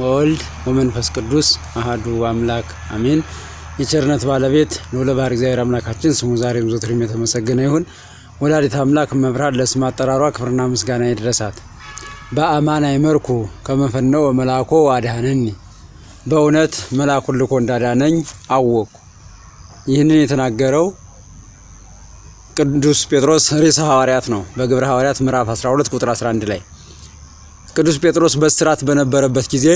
ወወልድ ወመንፈስ ቅዱስ አህዱ አምላክ አሜን። የቸርነት ባለቤት ልዑለ ባሕርይ እግዚአብሔር አምላካችን ስሙ ዛሬም ዘወትርም የተመሰገነ ይሁን። ወላዲተ አምላክ መብራት ለስም አጠራሯ ክብርና ምስጋና ይድረሳት። በአማን አይመርኩ ከመፈነው መልአኮ አድኃነኒ፣ በእውነት መልአኩን ልኮ እንዳዳነኝ አወቅኩ። ይህንን የተናገረው ቅዱስ ጴጥሮስ ርዕሰ ሐዋርያት ነው። በግብረ ሐዋርያት ምዕራፍ 12 ቁጥር 11 ላይ ቅዱስ ጴጥሮስ በእስራት በነበረበት ጊዜ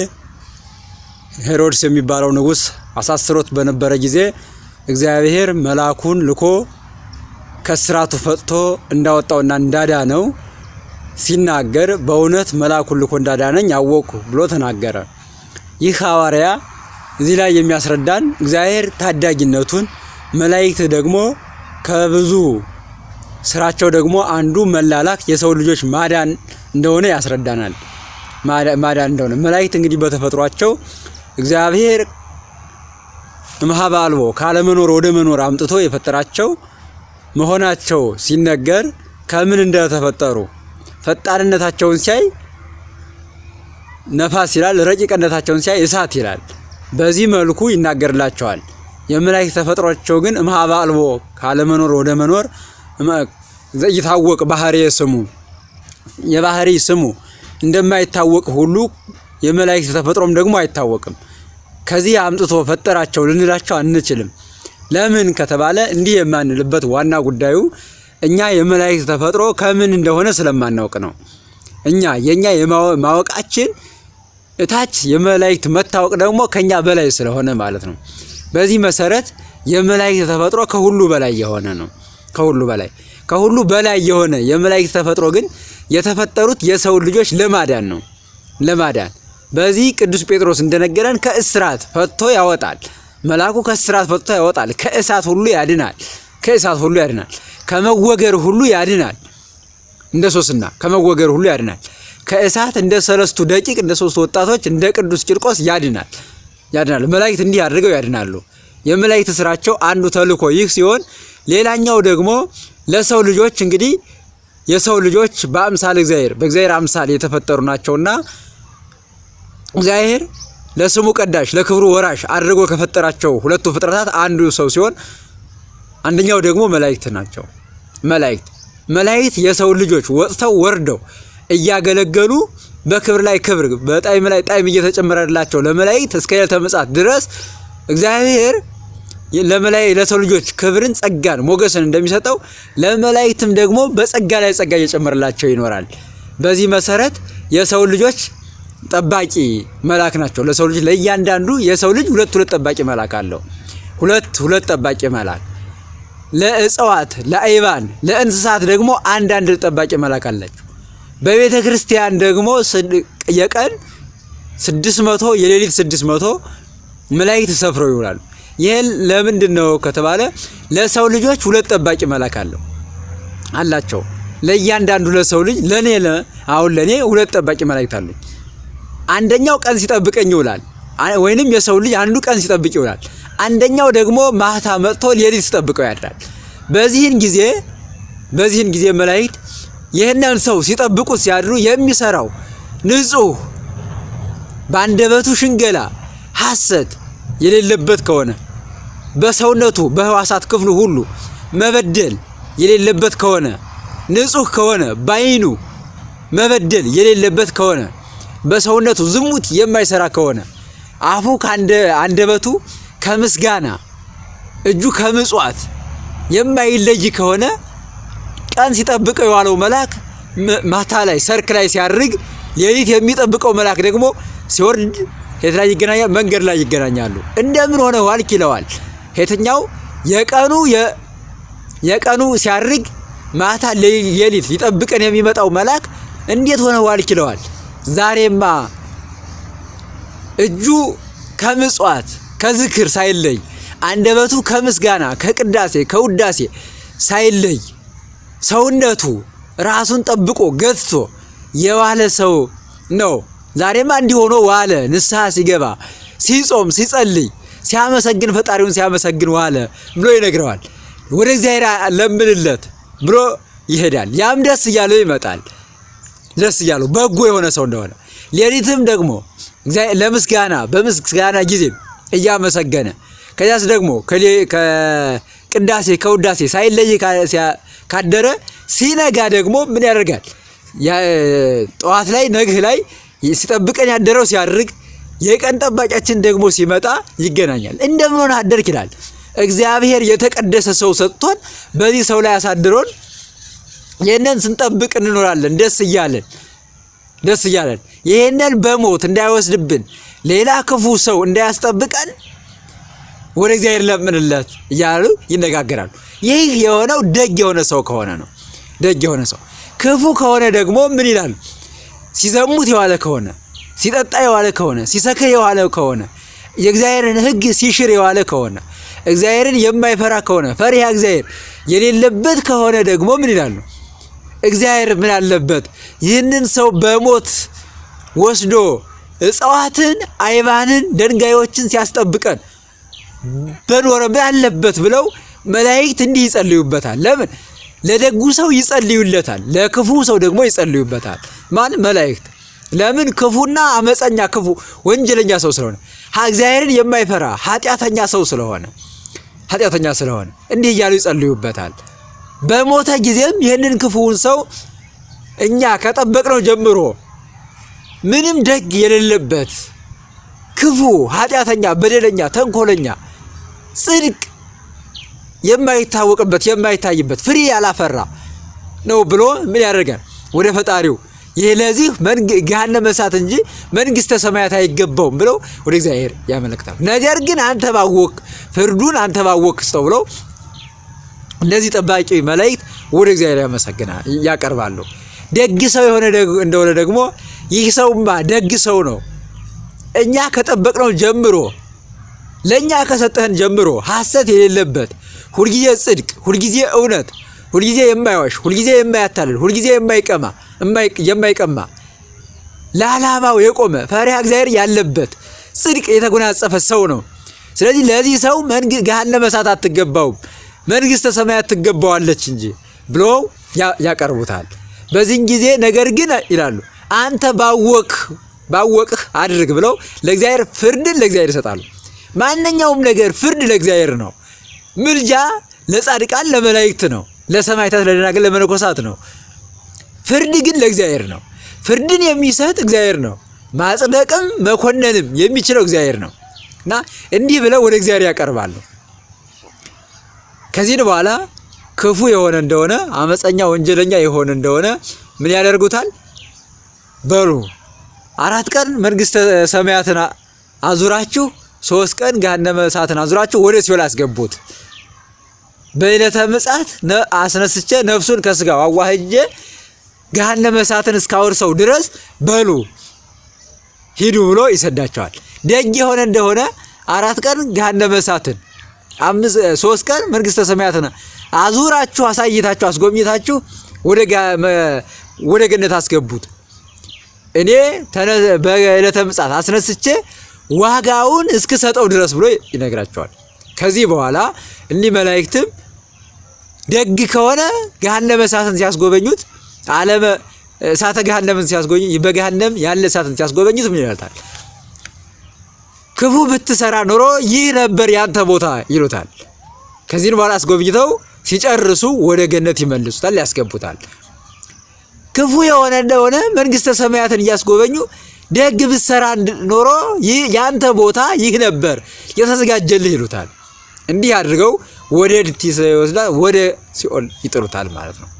ሄሮድስ የሚባለው ንጉስ አሳስሮት በነበረ ጊዜ እግዚአብሔር መልአኩን ልኮ ከእስራቱ ፈጥቶ እንዳወጣውና እንዳዳነው ሲናገር በእውነት መልአኩን ልኮ እንዳዳነኝ አወቅኩ ብሎ ተናገረ። ይህ ሐዋርያ እዚህ ላይ የሚያስረዳን እግዚአብሔር ታዳጊነቱን፣ መላእክት ደግሞ ከብዙ ስራቸው ደግሞ አንዱ መላላክ የሰው ልጆች ማዳን እንደሆነ ያስረዳናል። ማዳን እንደሆነ መላእክት እንግዲህ በተፈጥሯቸው እግዚአብሔር እምኀበ አልቦ ካለመኖር ወደ መኖር አምጥቶ የፈጠራቸው መሆናቸው ሲነገር ከምን እንደተፈጠሩ ፈጣንነታቸውን ሲያይ ነፋስ ይላል፣ ረቂቅነታቸውን ሲያይ እሳት ይላል። በዚህ መልኩ ይናገርላቸዋል። የመላእክት ተፈጥሯቸው ግን እምኀበ አልቦ ካለመኖር ወደ መኖር እይታወቅ ባህሬ ስሙ የባህሪ ስሙ እንደማይታወቅ ሁሉ የመላእክት ተፈጥሮም ደግሞ አይታወቅም። ከዚህ አምጥቶ ፈጠራቸው ልንላቸው አንችልም። ለምን ከተባለ እንዲህ የማንልበት ዋና ጉዳዩ እኛ የመላእክት ተፈጥሮ ከምን እንደሆነ ስለማናውቅ ነው። እኛ የኛ የማወቃችን እታች የመላእክት መታወቅ ደግሞ ከኛ በላይ ስለሆነ ማለት ነው። በዚህ መሰረት የመላእክት ተፈጥሮ ከሁሉ በላይ የሆነ ነው። ከሁሉ በላይ ከሁሉ በላይ የሆነ የመላእክት ተፈጥሮ ግን የተፈጠሩት የሰው ልጆች ለማዳን ነው። ለማዳን በዚህ ቅዱስ ጴጥሮስ እንደነገረን ከእስራት ፈቶ ያወጣል። መልአኩ ከእስራት ፈቶ ያወጣል። ከእሳት ሁሉ ያድናል። ከእሳት ሁሉ ያድናል። ከመወገር ሁሉ ያድናል። እንደ ሶስና ከመወገር ሁሉ ያድናል። ከእሳት እንደ ሰለስቱ ደቂቅ እንደ ሶስቱ ወጣቶች እንደ ቅዱስ ቂርቆስ ያድናል ያድናሉ። መላእክት እንዲህ አድርገው ያድናሉ። የመላእክት ስራቸው አንዱ ተልእኮ ይህ ሲሆን፣ ሌላኛው ደግሞ ለሰው ልጆች እንግዲህ የሰው ልጆች በአምሳል እግዚአብሔር በእግዚአብሔር አምሳል የተፈጠሩ ናቸውና እግዚአብሔር ለስሙ ቀዳሽ ለክብሩ ወራሽ አድርጎ ከፈጠራቸው ሁለቱ ፍጥረታት አንዱ ሰው ሲሆን አንደኛው ደግሞ መላእክት ናቸው። መላእክት መላእክት የሰው ልጆች ወጥተው ወርደው እያገለገሉ በክብር ላይ ክብር በጣዕም ላይ ጣዕም እየተጨመረላቸው ለመላእክት እስከ ዕለተ ምጽአት ድረስ እግዚአብሔር ለመላይ ለሰው ልጆች ክብርን ጸጋን ሞገስን እንደሚሰጠው ለመላእክትም ደግሞ በጸጋ ላይ ጸጋ እየጨመረላቸው ይኖራል። በዚህ መሰረት የሰው ልጆች ጠባቂ መልአክ ናቸው። ለሰው ልጅ ለእያንዳንዱ የሰው ልጅ ሁለት ሁለት ጠባቂ መልአክ አለው። ሁለት ሁለት ጠባቂ መልአክ ለእጽዋት፣ ለአይባን፣ ለእንስሳት ደግሞ አንዳንድ ጠባቂ መልአክ አላቸው። በቤተ ክርስቲያን ደግሞ የቀን ስድስት መቶ የሌሊት ስድስት መቶ መላእክት ሰፍረው ይውላሉ። ይህ ለምንድን ነው ከተባለ ለሰው ልጆች ሁለት ጠባቂ መልአክ አለው አላቸው። ለእያንዳንዱ ለሰው ልጅ ለእኔ አሁን ለኔ ሁለት ጠባቂ መላእክት አሉኝ። አንደኛው ቀን ሲጠብቀኝ ይውላል፣ ወይንም የሰው ልጅ አንዱ ቀን ሲጠብቅ ይውላል። አንደኛው ደግሞ ማታ መጥቶ ሌሊት ሲጠብቀው ያድራል። በዚህን ጊዜ በዚህን ጊዜ መላእክት ይህንን ሰው ሲጠብቁት ሲያድሩ የሚሰራው ንጹህ፣ በአንደበቱ ሽንገላ ሐሰት የሌለበት ከሆነ በሰውነቱ በህዋሳት ክፍሉ ሁሉ መበደል የሌለበት ከሆነ ንጹህ ከሆነ ባይኑ መበደል የሌለበት ከሆነ በሰውነቱ ዝሙት የማይሰራ ከሆነ አፉ ከአንደበቱ ከምስጋና እጁ ከምጽዋት የማይለይ ከሆነ ቀን ሲጠብቀው የዋለው መልአክ ማታ ላይ ሰርክ ላይ ሲያርግ፣ ሌሊት የሚጠብቀው መልአክ ደግሞ ሲወርድ ላይ ይገናኛል፣ መንገድ ላይ ይገናኛሉ። እንደምን ሆነ ዋልክ ይለዋል። የትኛው የቀኑ የቀኑ ሲያርግ ማታ ሌሊት ሊጠብቀን የሚመጣው መልአክ እንዴት ሆነ ዋልክ ይለዋል። ዛሬማ እጁ ከምጽዋት ከዝክር ሳይለይ አንደበቱ ከምስጋና ከቅዳሴ ከውዳሴ ሳይለይ ሰውነቱ ራሱን ጠብቆ ገዝቶ የዋለ ሰው ነው። ዛሬማ እንዲህ ሆኖ ዋለ። ንስሐ ሲገባ ሲጾም ሲጸልይ ሲያመሰግን ፈጣሪውን ሲያመሰግን ዋለ ብሎ ይነግረዋል። ወደ እግዚአብሔር ለምንለት ብሎ ይሄዳል። ያም ደስ እያለው ይመጣል። ደስ እያለው በጎ የሆነ ሰው እንደሆነ ሌሊትም ደግሞ ለምስጋና በምስጋና ጊዜ እያመሰገነ ከዚያስ ደግሞ ከቅዳሴ ከውዳሴ ሳይለይ ካደረ ሲነጋ ደግሞ ምን ያደርጋል? ጠዋት ላይ ነግህ ላይ ሲጠብቀን ያደረው ሲያድርግ የቀን ጠባቂያችን ደግሞ ሲመጣ ይገናኛል። እንደምን አደር ይላል። እግዚአብሔር የተቀደሰ ሰው ሰጥቶን በዚህ ሰው ላይ አሳድሮን ይህንን ስንጠብቅ እንኖራለን። ደስ እያለን ደስ እያለን ይህንን በሞት እንዳይወስድብን ሌላ ክፉ ሰው እንዳያስጠብቀን ወደ እግዚአብሔር ለምንለት እያሉ ይነጋገራሉ። ይህ የሆነው ደግ የሆነ ሰው ከሆነ ነው። ደግ የሆነ ሰው ክፉ ከሆነ ደግሞ ምን ይላሉ? ሲዘሙት የዋለ ከሆነ ሲጠጣ የዋለ ከሆነ ሲሰክር የዋለ ከሆነ የእግዚአብሔርን ሕግ ሲሽር የዋለ ከሆነ እግዚአብሔርን የማይፈራ ከሆነ ፈሪሃ እግዚአብሔር የሌለበት ከሆነ ደግሞ ምን ይላሉ? እግዚአብሔር ምን አለበት ይህንን ሰው በሞት ወስዶ እጽዋትን፣ አይባንን፣ ደንጋዮችን ሲያስጠብቀን በኖረ ምን አለበት ብለው መላእክት እንዲህ ይጸልዩበታል። ለምን ለደጉ ሰው ይጸልዩለታል፣ ለክፉ ሰው ደግሞ ይጸልዩበታል። ማን መላእክት ለምን ክፉና አመፀኛ ክፉ ወንጀለኛ ሰው ስለሆነ እግዚአብሔርን የማይፈራ ኃጢአተኛ ሰው ስለሆነ ኃጢአተኛ ስለሆነ እንዲህ እያሉ ይጸልዩበታል። በሞተ ጊዜም ይህንን ክፉውን ሰው እኛ ከጠበቅነው ጀምሮ ምንም ደግ የሌለበት ክፉ፣ ኃጢአተኛ፣ በደለኛ፣ ተንኮለኛ፣ ጽድቅ የማይታወቅበት የማይታይበት ፍሬ ያላፈራ ነው ብሎ ምን ያደርጋል? ወደ ፈጣሪው ይህ ለዚህ ገሃነመ እሳት እንጂ መንግስተ ሰማያት አይገባውም ብለው ወደ እግዚአብሔር ያመለክታሉ። ነገር ግን አንተ ባወቅ ፍርዱን አንተ ባወቅ ስተው ብለው እነዚህ ጠባቂ መላእክት ወደ እግዚአብሔር ያመሰግና ያቀርባሉ። ደግ ሰው የሆነ እንደሆነ ደግሞ ይህ ሰውማ ደግ ሰው ነው፣ እኛ ከጠበቅነው ጀምሮ ለእኛ ከሰጠህን ጀምሮ ሐሰት የሌለበት ሁልጊዜ ጽድቅ፣ ሁልጊዜ እውነት፣ ሁልጊዜ የማይዋሽ፣ ሁልጊዜ የማያታልል፣ ሁልጊዜ የማይቀማ የማይቀማ ለዓላማው የቆመ ፈሪሃ እግዚአብሔር ያለበት ጽድቅ የተጎናጸፈ ሰው ነው። ስለዚህ ለዚህ ሰው ገሃነመ እሳት አትገባውም መንግሥተ ሰማያት ትገባዋለች እንጂ ብሎ ያቀርቡታል። በዚህን ጊዜ ነገር ግን ይላሉ አንተ ባወቅ ባወቅህ አድርግ ብለው ለእግዚአብሔር ፍርድን ለእግዚአብሔር ይሰጣሉ። ማንኛውም ነገር ፍርድ ለእግዚአብሔር ነው። ምልጃ ለጻድቃን ለመላእክት ነው። ለሰማዕታት ለደናግል ለመነኮሳት ነው። ፍርድ ግን ለእግዚአብሔር ነው። ፍርድን የሚሰጥ እግዚአብሔር ነው። ማጽደቅም መኮነንም የሚችለው እግዚአብሔር ነው እና እንዲህ ብለው ወደ እግዚአብሔር ያቀርባሉ። ከዚህን በኋላ ክፉ የሆነ እንደሆነ አመፀኛ፣ ወንጀለኛ የሆነ እንደሆነ ምን ያደርጉታል? በሉ አራት ቀን መንግስተ ሰማያትን አዙራችሁ ሶስት ቀን ገሃነመ እሳትን አዙራችሁ ወደ ሲኦል አስገቡት። በዕለተ ምጽአት አስነስቼ ነፍሱን ከስጋው አዋህጄ ገሃነመ እሳትን እስካወርሰው ድረስ በሉ ሂዱ ብሎ ይሰዳቸዋል። ደግ የሆነ እንደሆነ አራት ቀን ገሃነመ እሳትን ሶስት ቀን መንግስተ ሰማያትን አዙራችሁ አሳይታችሁ አስጎብኝታችሁ ወደ ገነት አስገቡት። እኔ በዕለተ ምጽአት አስነስቼ ዋጋውን እስክሰጠው ድረስ ብሎ ይነግራቸዋል። ከዚህ በኋላ እኒህ መላእክትም ደግ ከሆነ ገሃነመ እሳትን ሲያስጎበኙት ዓለም እሳተ ገሃነምን ሲያስጎበኝ በገሃነም ያለ እሳትን ሲያስጎበኝት ምን ይላታል? ክፉ ብትሰራ ኖሮ ይህ ነበር ያንተ ቦታ ይሉታል። ከዚህን በኋላ አስጎብኝተው ሲጨርሱ ወደ ገነት ይመልሱታል፣ ያስገቡታል። ክፉ የሆነ እንደሆነ መንግስተ ሰማያትን እያስጎበኙ ደግ ብትሰራ ኖሮ ያንተ ቦታ ይህ ነበር የተዘጋጀልህ ይሉታል። እንዲህ አድርገው ወደ ድቲ ይወስዳል፣ ወደ ሲኦል ይጥሩታል ማለት ነው።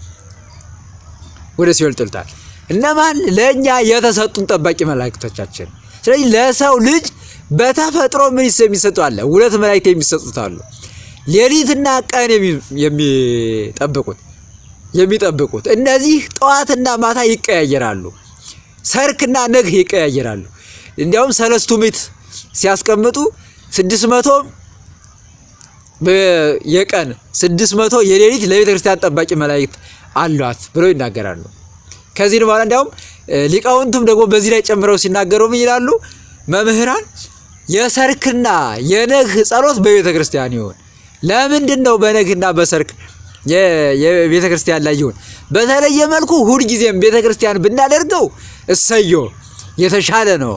ወደ ሲኦል ጥልታል። እነማን? ለእኛ የተሰጡን ጠባቂ መላእክቶቻችን። ስለዚህ ለሰው ልጅ በተፈጥሮ ምን የሚሰጡ አለ? ሁለት መላእክት የሚሰጡት አሉ። ሌሊትና ቀን የሚጠብቁት የሚጠብቁት እነዚህ ጠዋትና ማታ ይቀያየራሉ። ሰርክና ነግህ ይቀያየራሉ። እንዲያውም ሰለስቱ ምዕት ሲያስቀምጡ ስድስት መቶ የቀን ስድስት መቶ የሌሊት ለቤተ ክርስቲያን ጠባቂ መላእክት አሏት ብለው ይናገራሉ። ከዚህ በኋላ እንዲያውም ሊቃውንቱም ደግሞ በዚህ ላይ ጨምረው ሲናገሩ ምን ይላሉ? መምህራን የሰርክና የነግህ ጸሎት በቤተ ክርስቲያን ይሁን። ለምንድን ነው በነግህና በሰርክ የቤተ ክርስቲያን ላይ ይሁን? በተለየ መልኩ ሁልጊዜም ቤተ ክርስቲያን ብናደርገው እሰዮ የተሻለ ነው።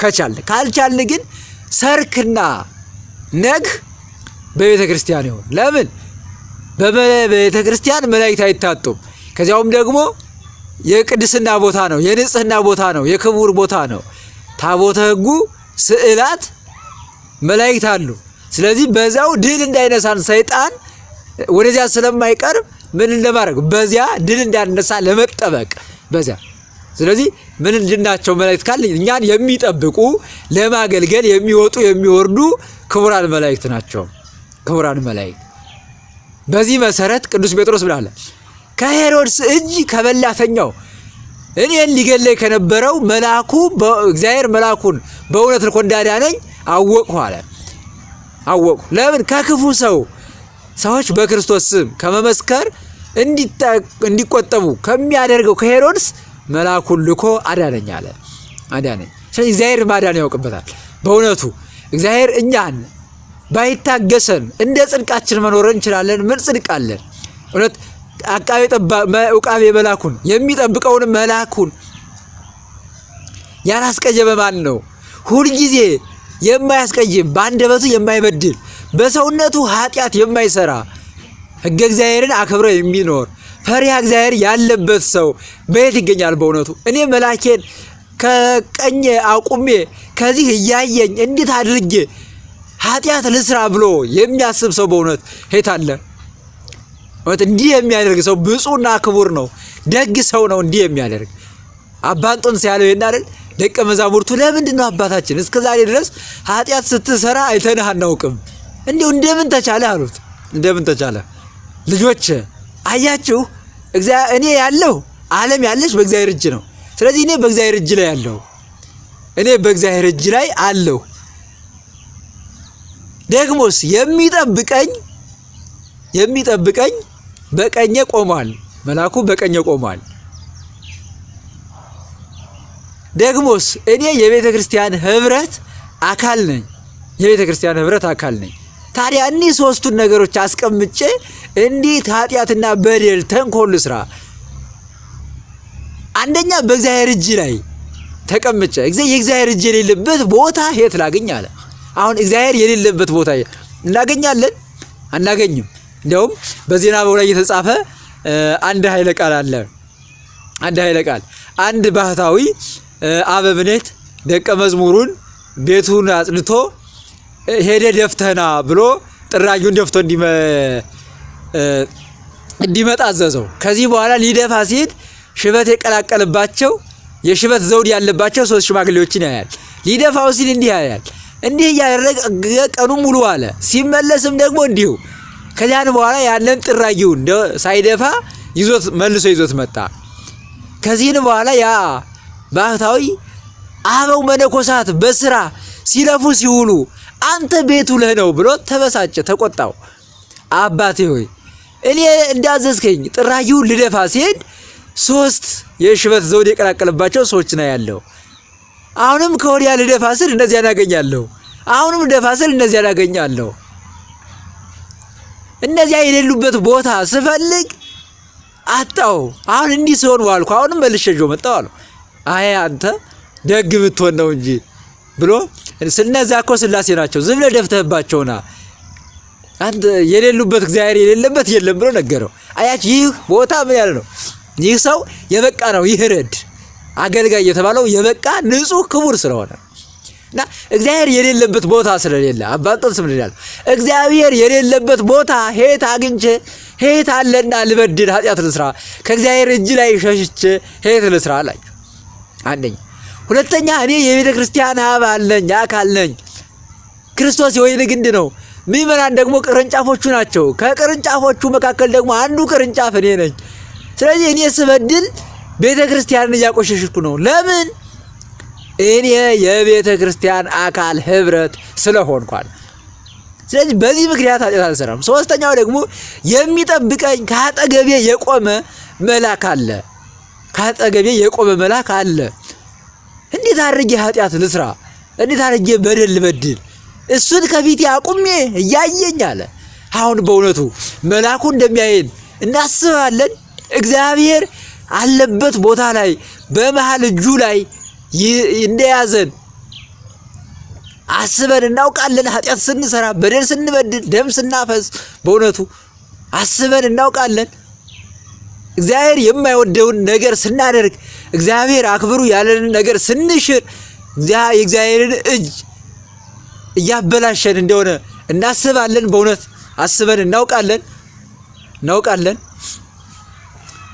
ከቻል ካልቻልን ግን ሰርክና ነግህ በቤተ ክርስቲያን ይሁን። ለምን በቤተ ክርስቲያን መላእክት አይታጡም። ከዚያውም ደግሞ የቅድስና ቦታ ነው፣ የንጽህና ቦታ ነው፣ የክቡር ቦታ ነው። ታቦተ ሕጉ ስዕላት መላእክት አሉ። ስለዚህ በዚያው ድል እንዳይነሳን ሰይጣን ወደዚያ ስለማይቀርብ ምን እንደማድረግ በዚያ ድል እንዳይነሳ ለመጠበቅ በዚያ ስለዚህ ምን እንድናቸው መላእክት ካል እኛን የሚጠብቁ ለማገልገል የሚወጡ የሚወርዱ ክቡራን መላእክት ናቸው። ክቡራን መላእክት በዚህ መሰረት ቅዱስ ጴጥሮስ ብላለ ከሄሮድስ እጅ ከበላተኛው እኔን ሊገለይ ከነበረው መልአኩ እግዚአብሔር መልአኩን በእውነት ልኮ እንዳዳነኝ አወቅሁ አለ። አወቅሁ ለምን? ከክፉ ሰው ሰዎች በክርስቶስ ስም ከመመስከር እንዲቆጠቡ ከሚያደርገው ከሄሮድስ መልአኩን ልኮ አዳነኝ አለ። አዳነኝ። ስለዚህ እግዚአብሔር ማዳን ያውቅበታል። በእውነቱ እግዚአብሔር እኛን ባይታገሰን እንደ ጽድቃችን መኖር እንችላለን። ምን ጽድቅ አለን? እውነት አቃቤ ዕቃቤ መላኩን የሚጠብቀውን መላኩን ያላስቀየ በማን ነው? ሁልጊዜ የማያስቀይም በአንደበቱ የማይበድል በሰውነቱ ኃጢአት የማይሰራ ሕገ እግዚአብሔርን አክብረ የሚኖር ፈሪሃ እግዚአብሔር ያለበት ሰው በየት ይገኛል? በእውነቱ እኔ መላኬን ከቀኜ አቁሜ ከዚህ እያየኝ እንዴት አድርጌ ኃጢአት ልስራ ብሎ የሚያስብ ሰው በእውነት ሄት አለ። እውነት እንዲህ የሚያደርግ ሰው ብፁና ክቡር ነው፣ ደግ ሰው ነው። እንዲህ የሚያደርግ አባንጦን ሲያለው ይናደል ደቀ መዛሙርቱ ለምንድን ነው አባታችን እስከ ዛሬ ድረስ ኃጢአት ስትሰራ አይተንህ አናውቅም፣ እንዲሁ እንደምን ተቻለ አሉት። እንደምን ተቻለ ልጆች አያችሁ፣ እኔ ያለው ዓለም ያለች በእግዚአብሔር እጅ ነው። ስለዚህ እኔ በእግዚአብሔር እጅ ላይ ያለው እኔ በእግዚአብሔር እጅ ላይ አለሁ ደግሞስ የሚጠብቀኝ የሚጠብቀኝ በቀኘ ቆሟል። መልአኩ በቀኘ ቆሟል። ደግሞስ እኔ የቤተ ክርስቲያን ህብረት አካል ነኝ። የቤተ ክርስቲያን ህብረት አካል ነኝ። ታዲያ እኒህ ሶስቱን ነገሮች አስቀምጬ እንዴት ኃጢአትና በደል ተንኮል ስራ አንደኛ በእግዚአብሔር እጅ ላይ ተቀምጨ የእግዚአብሔር እጅ የሌለበት ቦታ የት ላግኝ አለ። አሁን እግዚአብሔር የሌለበት ቦታ እናገኛለን አናገኝም። እንዲያውም በዜና በው ላይ እየተጻፈ አንድ ኃይለ ቃል አለ። አንድ ኃይለ ቃል አንድ ባህታዊ አበምኔት ደቀ መዝሙሩን ቤቱን አጽድቶ ሄደ ደፍተና ብሎ ጥራጊውን ደፍቶ እንዲመጣ አዘዘው። ከዚህ በኋላ ሊደፋ ሲሄድ ሽበት የቀላቀለባቸው የሽበት ዘውድ ያለባቸው ሶስት ሽማግሌዎችን ያያል። ሊደፋው ሲል እንዲህ ያያል። እንዲህ እያደረገ ቀኑ ሙሉ አለ። ሲመለስም ደግሞ እንዲሁ። ከዚያን በኋላ ያንን ጥራጊውን ሳይደፋ ይዞት መልሶ ይዞት መጣ። ከዚህን በኋላ ያ ባህታዊ አበው መነኮሳት በስራ ሲለፉ ሲውሉ አንተ ቤቱ ለህ ነው ብሎ ተበሳጨ፣ ተቆጣው። አባቴ ሆይ እኔ እንዳዘዝከኝ ጥራጊውን ልደፋ ሲሄድ ሶስት የሽበት ዘውድ የቀላቀለባቸው ሰዎች ነው ያለው። አሁንም ከወዲያ ልደፋ ስል እነዚያ እናገኛለሁ። አሁንም ልደፋ ስል እነዚያ እናገኛለሁ። እነዚያ የሌሉበት ቦታ ስፈልግ አጣው። አሁን እንዲህ ሲሆን ዋልኩ። አሁንም መልሸጆ መጣው አለው። አይ አንተ ደግ ብትሆን ነው እንጂ ብሎ እነዚያ እኮ ስላሴ ናቸው። ዝም ብለህ ደፍተህባቸውና አንተ የሌሉበት እግዚአብሔር የሌለበት የለም ብሎ ነገረው። አያች ይህ ቦታ ምን ያለ ነው? ይህ ሰው የበቃ ነው። ይህ ረድ አገልጋይ የተባለው የበቃ ንጹህ ክቡር ስለሆነ እና እግዚአብሔር የሌለበት ቦታ ስለሌለ አባት ጥርስ ምን ይላል? እግዚአብሔር የሌለበት ቦታ ሄት አግኝቼ ሄት አለና ልበድል ኃጢአት ልስራ ከእግዚአብሔር እጅ ላይ ሸሽቼ ሄት ልስራ አላቸው። አንደኛ ሁለተኛ እኔ የቤተ ክርስቲያን አባል ነኝ አካል ነኝ። ክርስቶስ የወይን ግንድ ነው። ምእመናን ደግሞ ቅርንጫፎቹ ናቸው። ከቅርንጫፎቹ መካከል ደግሞ አንዱ ቅርንጫፍ እኔ ነኝ። ስለዚህ እኔ ስበድል ቤተ ክርስቲያንን እያቆሸሽኩ ነው። ለምን? እኔ የቤተ ክርስቲያን አካል ህብረት ስለሆንኳል። ስለዚህ በዚህ ምክንያት ኃጢአት አልሰራም። ሶስተኛው ደግሞ የሚጠብቀኝ ከአጠገቤ የቆመ መልአክ አለ። ከአጠገቤ የቆመ መልአክ አለ። እንዴት አድርጌ ኃጢአት ልስራ? እንዴት አድርጌ በደል ልበድል? እሱን ከፊቴ አቁሜ እያየኝ አለ። አሁን በእውነቱ መልአኩ እንደሚያየን እናስባለን። እግዚአብሔር አለበት ቦታ ላይ በመሃል እጁ ላይ እንደያዘን አስበን እናውቃለን። ኃጢአት ስንሰራ፣ በደል ስንበድል፣ ደም ስናፈስ በእውነቱ አስበን እናውቃለን። እግዚአብሔር የማይወደውን ነገር ስናደርግ፣ እግዚአብሔር አክብሩ ያለንን ነገር ስንሽር የእግዚአብሔርን እጅ እያበላሸን እንደሆነ እናስባለን። በእውነት አስበን እናውቃለን እናውቃለን።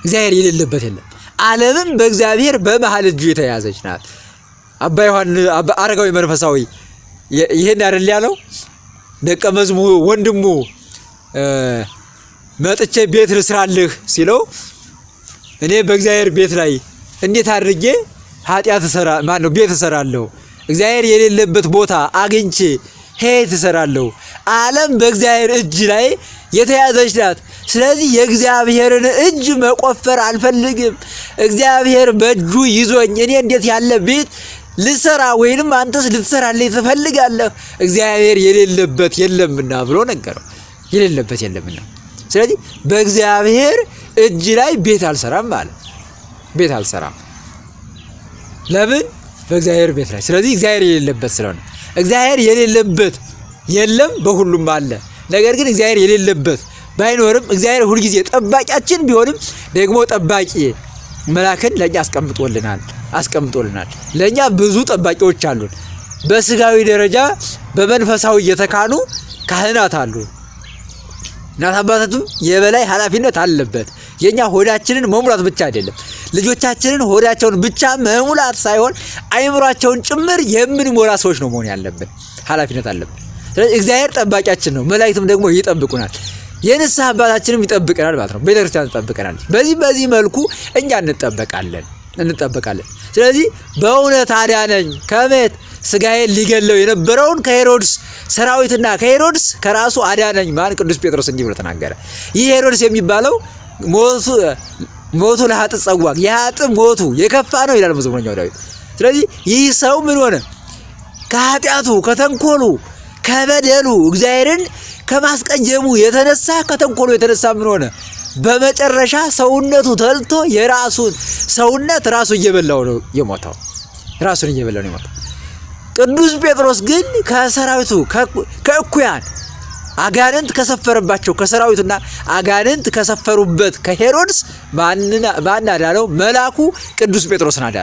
እግዚአብሔር የሌለበት የለም። ዓለምም በእግዚአብሔር በመሀል እጁ የተያዘች ናት። አባ ዮሐንስ አረጋዊ መንፈሳዊ ይህን አይደል ያለው? ደቀ መዝሙ ወንድሙ መጥቼ ቤት ልስራልህ ሲለው እኔ በእግዚአብሔር ቤት ላይ እንዴት አድርጌ ኃጢአት እሰራ ነው ቤት እሰራለሁ? እግዚአብሔር የሌለበት ቦታ አግኝቼ ሄ እሰራለሁ። ዓለም በእግዚአብሔር እጅ ላይ የተያዘች ናት። ስለዚህ የእግዚአብሔርን እጅ መቆፈር አልፈልግም። እግዚአብሔር በእጁ ይዞኝ እኔ እንዴት ያለ ቤት ልሰራ ወይንም አንተስ ልትሰራለኝ ትፈልጋለህ? እግዚአብሔር የሌለበት የለምና ብሎ ነገረው። የሌለበት የለምና ስለዚህ በእግዚአብሔር እጅ ላይ ቤት አልሰራም አለ። ቤት አልሰራም ለምን? በእግዚአብሔር ቤት ላይ ስለዚህ እግዚአብሔር የሌለበት ስለሆነ እግዚአብሔር የሌለበት የለም፣ በሁሉም አለ። ነገር ግን እግዚአብሔር የሌለበት ባይኖርም እግዚአብሔር ሁልጊዜ ጠባቂያችን ቢሆንም ደግሞ ጠባቂ መላክን ለእኛ አስቀምጦልናል አስቀምጦልናል። ለእኛ ብዙ ጠባቂዎች አሉን። በስጋዊ ደረጃ በመንፈሳዊ እየተካኑ ካህናት አሉ። እናት አባታቱም የበላይ ኃላፊነት አለበት። የኛ ሆዳችንን መሙላት ብቻ አይደለም፣ ልጆቻችንን ሆዳቸውን ብቻ መሙላት ሳይሆን አይምሯቸውን ጭምር የምንሞላ ሰዎች ነው መሆን ያለብን። ኃላፊነት አለብን። ስለዚህ እግዚአብሔር ጠባቂያችን ነው፣ መላእክትም ደግሞ ይጠብቁናል። የንስሐ አባታችንም ይጠብቀናል ማለት ነው። ቤተክርስቲያን ትጠብቀናለች። በዚህ በዚህ መልኩ እኛ እንጠበቃለን እንጠበቃለን። ስለዚህ በእውነት አዳነኝ ከመት ስጋዬን ሊገለው የነበረውን ከሄሮድስ ሰራዊትና ከሄሮድስ ከራሱ አዳነኝ ማን ቅዱስ ጴጥሮስ እንዲህ ብሎ ተናገረ። ይህ ሄሮድስ የሚባለው ሞቱ ሞቱ ለሀጥ ጸዋቅ የሀጥ ሞቱ የከፋ ነው ይላል መዝሙረኛው ዳዊት። ስለዚህ ይህ ሰው ምን ሆነ? ከኃጢአቱ ከተንኮሉ ከበደሉ እግዚአብሔርን ከማስቀየሙ የተነሳ ከተንኮሎ የተነሳ ምን ሆነ? በመጨረሻ ሰውነቱ ተልቶ የራሱን ሰውነት ራሱ እየበላው ነው የሞተው። ራሱን እየበላው ነው የሞተው። ቅዱስ ጴጥሮስ ግን ከሰራዊቱ ከእኩያን አጋንንት ከሰፈረባቸው ከሰራዊቱና አጋንንት ከሰፈሩበት ከሄሮድስ ማን አዳነው? መልአኩ ቅዱስ ጴጥሮስን አዳ